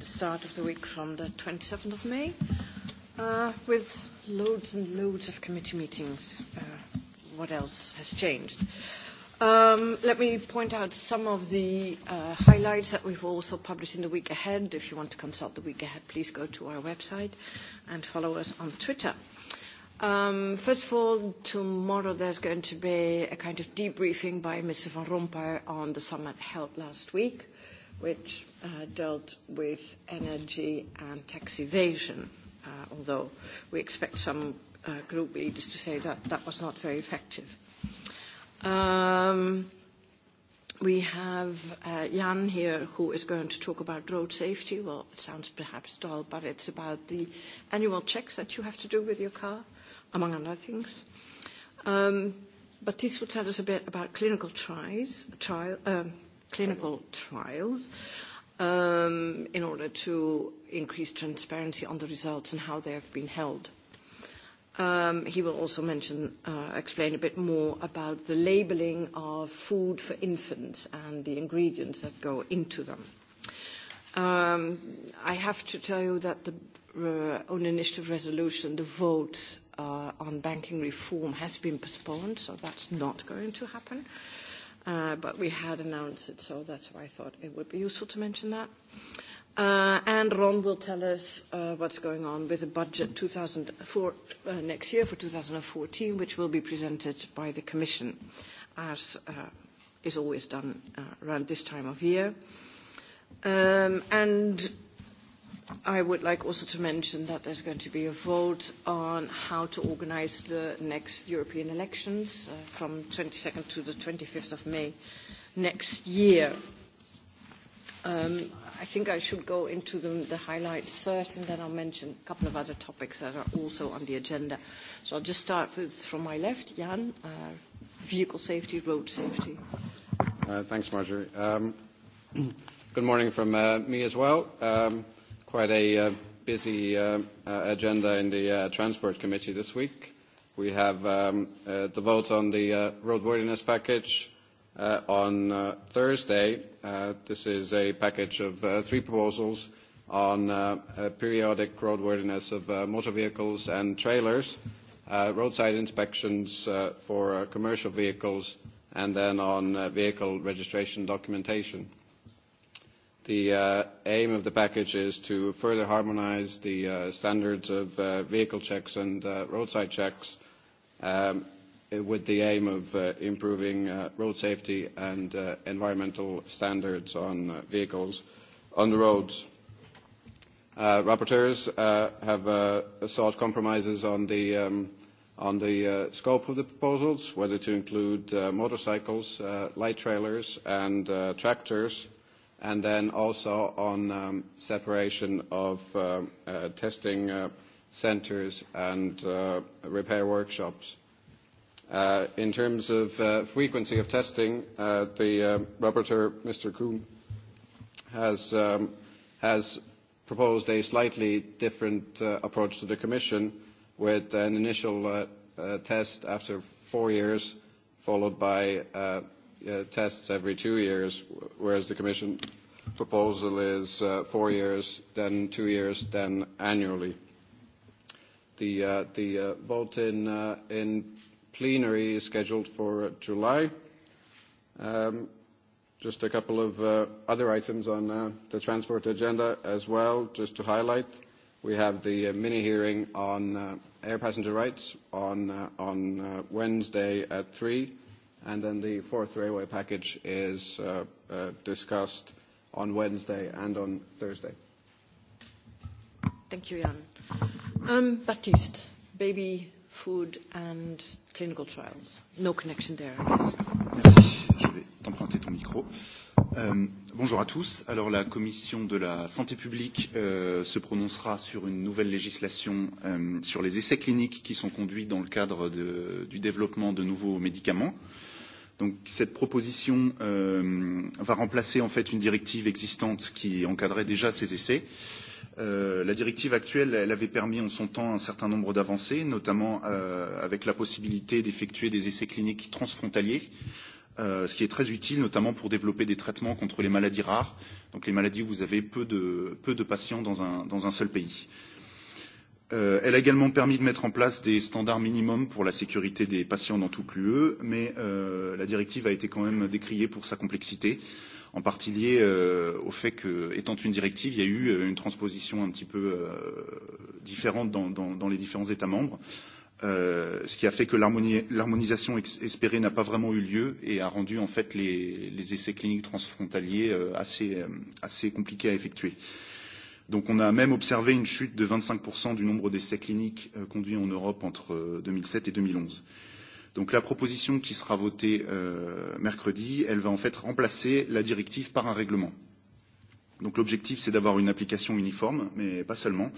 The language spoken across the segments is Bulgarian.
the start of the week from the 27th of May uh, with loads and loads of committee meetings. Uh, what else has changed? Um, let me point out some of the uh, highlights that we've also published in the week ahead. If you want to consult the week ahead, please go to our website and follow us on Twitter. Um, first of all, tomorrow there's going to be a kind of debriefing by Mr. Van Rompuy on the summit held last week. Uh, which uh, dealt with energy and tax evasion, uh, although we expect some uh, group leaders to say that that was not very effective. Um, we have uh, Jan here who is going to talk about road safety. Well, it sounds perhaps dull, but it's about the annual checks that you have to do with your car, among other things. Um, Baptiste will tell us a bit about clinical trials, trial, um, clinical trials um, in order to increase transparency on the results and how they have been held. Um, he will also mention, uh, explain a bit more about the labeling of food for infants and the ingredients that go into them. Um, I have to tell you that the uh, own initiative resolution, the vote uh, on banking reform has been postponed, so that's not going to happen uh, but we had announced it, so that's why I thought it would be useful to mention that. Uh, and Ron will tell us uh, what's going on with the budget 2004, uh, next year for 2014, which will be presented by the Commission, as uh, is always done uh, around this time of year. Um, and I would like also to mention that there's going to be a vote on how to organize the next European elections uh, from 22nd to the 25th of May next year. Um, I think I should go into the, the highlights first, and then I'll mention a couple of other topics that are also on the agenda. So I'll just start with from my left, Jan, uh, vehicle safety, road safety. Uh, thanks, Marjorie. Um, good morning from uh, me as well. Um, quite a busy agenda in the Transport Committee this week. We have the vote on the roadworthiness package on Thursday. This is a package of three proposals on periodic roadworthiness of motor vehicles and trailers, roadside inspections for commercial vehicles, and then on vehicle registration documentation. The aim of the package is to further harmonise the standards of vehicle checks and roadside checks with the aim of improving road safety and environmental standards on vehicles on the roads. Rapporteurs have sought compromises on the scope of the proposals, whether to include motorcycles, light trailers, and tractors, and then also on separation of testing centers and repair workshops. In terms of frequency of testing, the rapporteur, Mr. Kuhn, has proposed a slightly different approach to the Commission with an initial test after four years, followed by tests every two years, whereas the Commission proposal is four years, then two years, then annually. The vote in plenary is scheduled for July. Just a couple of other items on the transport agenda as well, just to highlight. We have the mini-hearing on air passenger rights on Wednesday at three. And then the fourth railway package is uh, uh, discussed on Wednesday and on Thursday. Thank you, Jan. Um, Baptiste, baby food and clinical trials. No connection there, I guess. Merci. Je vais t'emprunter ton micro. bonjour à tous. Alors la commission de la santé publique euh, se prononcera sur une nouvelle législation euh, sur les essais cliniques qui sont conduits dans le cadre de, du développement de nouveaux médicaments. Euh, Donc cette proposition euh, va remplacer en fait une directive existante qui encadrait déjà ces essais. Euh, la directive actuelle, elle avait permis en son temps un certain nombre d'avancées, notamment euh, avec la possibilité d'effectuer des essais cliniques transfrontaliers, euh, ce qui est très utile notamment pour développer des traitements contre les maladies rares, donc les maladies où vous avez peu de, peu de patients dans un, dans un seul pays. Euh, elle a également permis de mettre en place des standards minimums pour la sécurité des patients dans toute l'UE, mais la directive a été quand même décriée pour sa complexité, en partie liée au fait que, étant une directive, il y a eu une transposition un petit peu différente dans, les différents États membres, ce qui a fait que l'harmonisation espérée n'a pas vraiment eu lieu et a rendu en fait les, essais cliniques transfrontaliers assez, compliqués à effectuer. Euh, Donc on a même observé une chute de 25% du nombre d'essais cliniques conduits en Europe entre 2007 et 2011. Donc la proposition qui sera votée euh, mercredi, elle va en fait remplacer la directive par un règlement. Donc l'objectif, c'est d'avoir une application uniforme, mais pas seulement.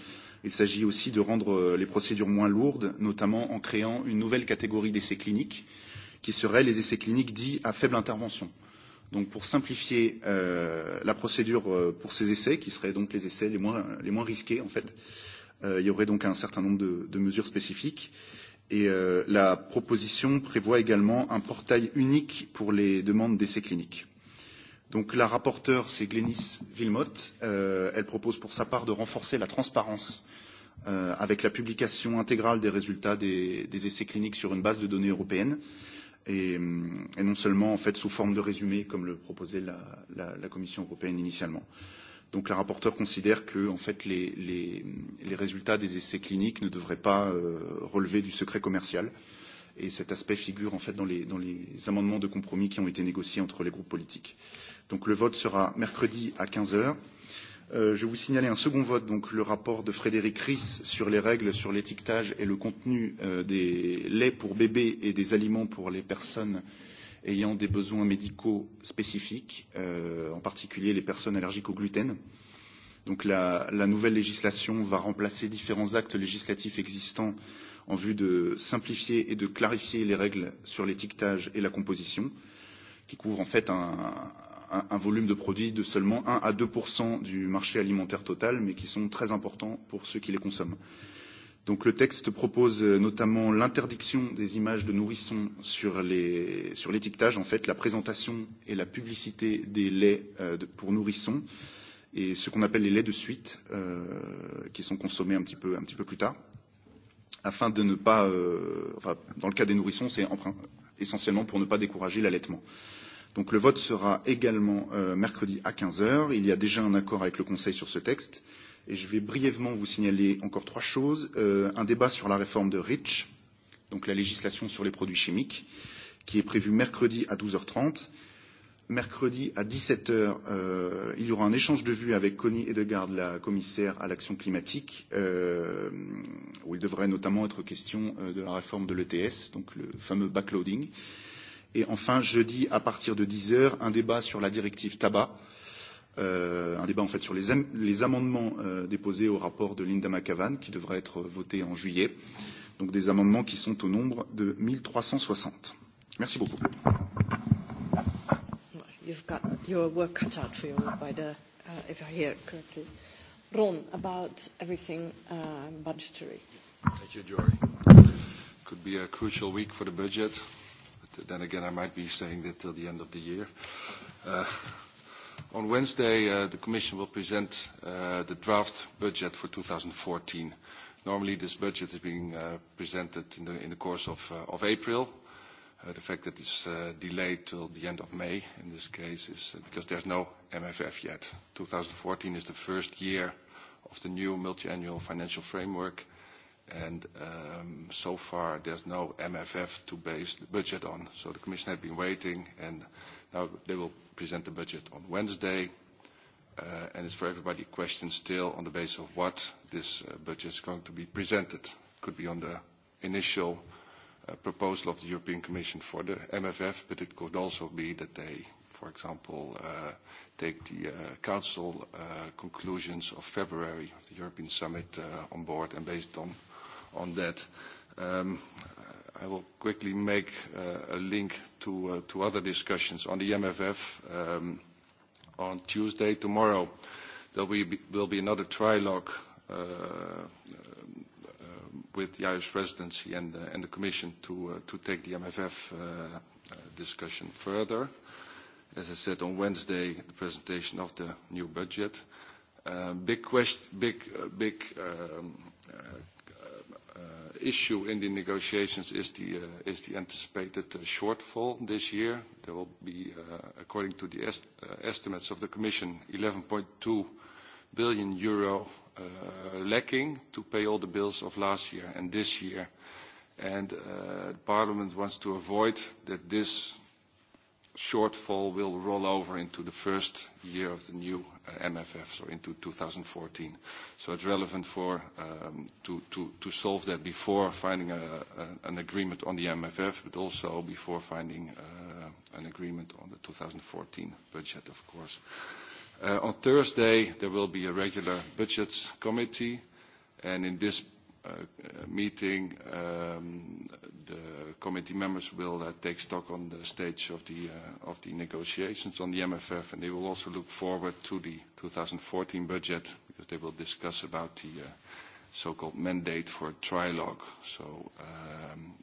Il s'agit aussi de rendre les procédures moins lourdes, notamment en créant une nouvelle catégorie d'essais cliniques, qui seraient les essais cliniques dits à faible intervention. Euh, donc pour simplifier euh, la procédure pour ces essais, qui seraient donc les essais les moins, les moins risqués en fait, euh, il y aurait donc un certain nombre de, de mesures spécifiques. Et euh, la proposition prévoit également un portail unique pour les demandes d'essais cliniques. Donc la rapporteure, c'est Glénis Villemotte. Euh, elle propose pour sa part de renforcer la transparence euh, avec la publication intégrale des résultats des, des essais cliniques sur une base de données européenne. Euh, et, et non seulement en fait sous forme de résumé comme le proposait la, la, la Commission européenne initialement. Donc la rapporteure considère que en fait, les, les, les résultats des essais cliniques ne devraient pas euh, relever du secret commercial. Et cet aspect figure en fait dans les, dans les amendements de compromis qui ont été négociés entre les groupes politiques. Donc le vote sera mercredi à 15 heures je vous signalais un second vote, donc le rapport de Frédéric Ries sur les règles sur l'étiquetage et le contenu des laits pour bébés et des aliments pour les personnes ayant des besoins médicaux spécifiques, en particulier les personnes allergiques au gluten. Donc la, nouvelle législation va remplacer différents actes législatifs existants en vue de simplifier et de clarifier les règles sur l'étiquetage et la composition, qui couvrent en fait un, un, volume de produits de seulement 1 à 2 du marché alimentaire total, mais qui sont très importants pour ceux qui les consomment. Donc le texte propose notamment l'interdiction des images de nourrissons sur l'étiquetage, en fait la présentation et la publicité des laits pour nourrissons et ce qu'on appelle les laits de suite, qui sont consommés un petit peu, un petit peu plus tard, afin de ne pas, enfin, dans le cas des nourrissons, c'est essentiellement pour ne pas décourager l'allaitement. Euh, Donc le vote sera également euh, mercredi à 15h. Il y a déjà un accord avec le Conseil sur ce texte. Et je vais brièvement vous signaler encore trois choses. Euh, un débat sur la réforme de REACH, donc la législation sur les produits chimiques, qui est prévu mercredi à 12h30. Mercredi à 17h, euh, il y aura un échange de vues avec Connie Edegaard, la commissaire à l'action climatique, euh, où il devrait notamment être question euh, de la réforme de l'ETS, donc le fameux backloading. Et enfin, jeudi, à partir de 10h, un débat sur la directive tabac, euh, un débat en fait sur les, am les amendements euh, déposés au rapport de Linda McAvan, qui devra être voté en juillet. Donc des amendements qui sont au nombre de 1360. Merci beaucoup. You've got your work cut out for you by the, uh, if I hear it correctly. Ron, about everything uh, budgetary. Thank you, Jory. Could be a crucial week for the budget then again, I might be saying that till the end of the year. On Wednesday, the Commission will present the draft budget for 2014. Normally, this budget is being presented in the course of April. The fact that it's delayed till the end of May, in this case, is because there's no MFF yet. 2014 is the first year of the new multi-annual financial framework, and so far there's no MFF to base the budget on. So the commission had been waiting, and now they will present the budget on Wednesday. And it's for everybody a question still on the basis of what this budget is going to be presented. Could be on the initial uh proposal of the European Commission for the MFF, but it could also be that they, for example, uh take the uh council uh conclusions of February of the European Summit uh on board, and based on on that. I will quickly make a link to other discussions on the MFF. On Tuesday, tomorrow, there will be another trilogue with the Irish presidency and the commission to take the MFF discussion further. As I said, on Wednesday, the presentation of the new budget. Big issue in the negotiations is the anticipated shortfall this year. There will be, according to the estimates of the Commission, 11.2 billion euro lacking to pay all the bills of last year and this year. Parliament wants to avoid that this shortfall will roll over into the first year of the new MFF, so into 2014. So it's relevant for to solve that before finding an agreement on the MFF, but also before finding an agreement on the 2014 budget, of course. On Thursday, there will be a regular budgets committee, and in this meeting, the committee members will take stock on the stage of the negotiations on the MFF, and they will also look forward to the 2014 budget because they will discuss about the so-called mandate for trilogue. So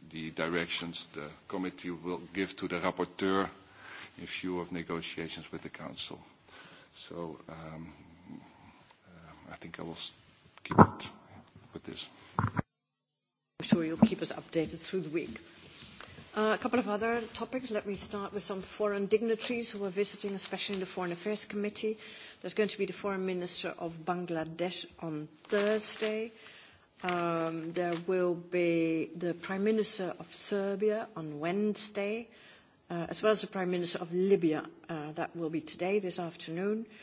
the directions the committee will give to the rapporteur in view of negotiations with the council. So I think I will keep it with this. I'm sure you'll keep us updated through the week. Uh, a couple of other topics. Let me start with some foreign dignitaries who are visiting, especially in the Foreign Affairs Committee. There's going to be the Foreign Minister of Bangladesh on Thursday. Um, there will be the Prime Minister of Serbia on Wednesday, uh, as well as the Prime Minister of Libya. Uh, that will be today, this afternoon. Uh,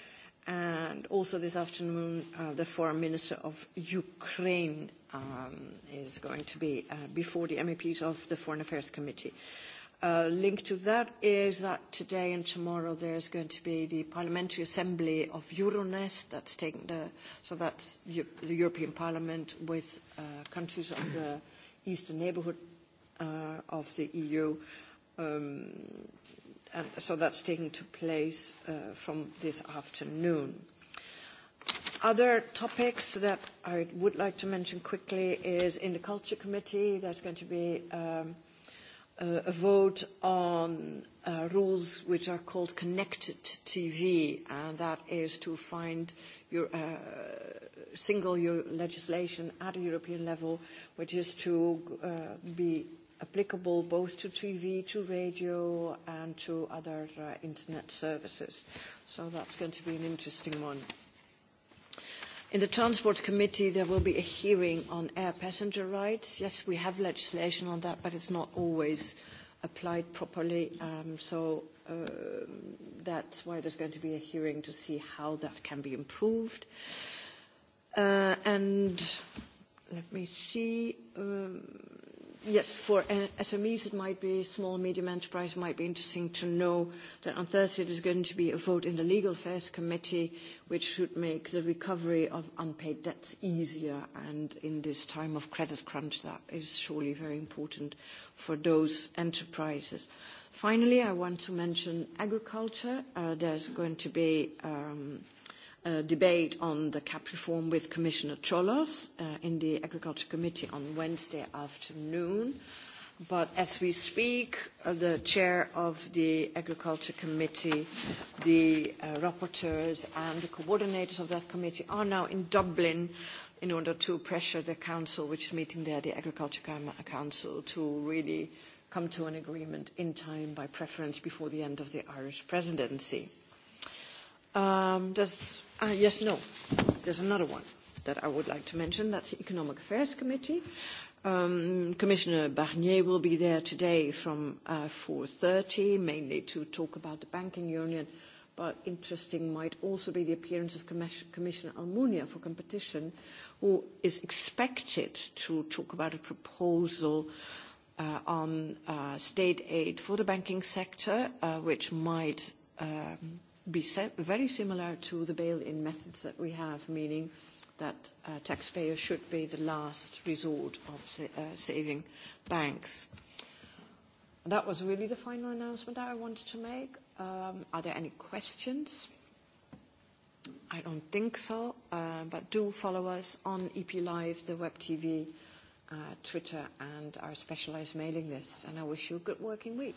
And also this afternoon, uh, the foreign minister of Ukraine um, is going to be uh, before the MEPs of the Foreign Affairs Committee. Uh, link to that is that today and tomorrow there's going to be the Parliamentary Assembly of Euronest. That's taking the, so that's the European Parliament with uh, countries of the eastern neighbourhood uh, of the EU. Um, And so that's taking to place uh, from this afternoon. Other topics that I would like to mention quickly is in the Culture Committee, there's going to be um, a vote on uh, rules which are called connected TV, and that is to find your, uh, single your legislation at a European level, which is to uh, be applicable both to TV, to radio, and to other uh, internet services. So that's going to be an interesting one. In the Transport Committee, there will be a hearing on air passenger rights. Yes, we have legislation on that, but it's not always applied properly. Um, so uh, that's why there's going to be a hearing to see how that can be improved. Uh, and let me see. Um, Yes, for SMEs, it might be small and medium enterprise, it might be interesting to know that on Thursday there's going to be a vote in the Legal Affairs Committee, which should make the recovery of unpaid debts easier. And in this time of credit crunch, that is surely very important for those enterprises. Finally, I want to mention agriculture. There's going to be um debate on the CAP reform with Commissioner Cholos in the Agriculture Committee on Wednesday afternoon. But as we speak, the chair of the Agriculture Committee, the rapporteurs and the coordinators of that committee are now in Dublin in order to pressure the Council, which is meeting there, the Agriculture Council, to really come to an agreement in time by preference before the end of the Irish presidency. Um, does uh yes, no. There's another one that I would like to mention. That's the Economic Affairs Committee. Um, Commissioner Barnier will be there today from uh, 4.30, mainly to talk about the banking union. But interesting might also be the appearance of Commissioner Almunia for competition, who is expected to talk about a proposal uh, on uh, state aid for the banking sector, uh, which might um, be very similar to the bail-in methods that we have, meaning that uh, taxpayers should be the last resort of uh, saving banks. That was really the final announcement that I wanted to make. Um, are there any questions? I don't think so, uh, but do follow us on EP Live, the web TV, uh, Twitter, and our specialized mailing list. And I wish you a good working week.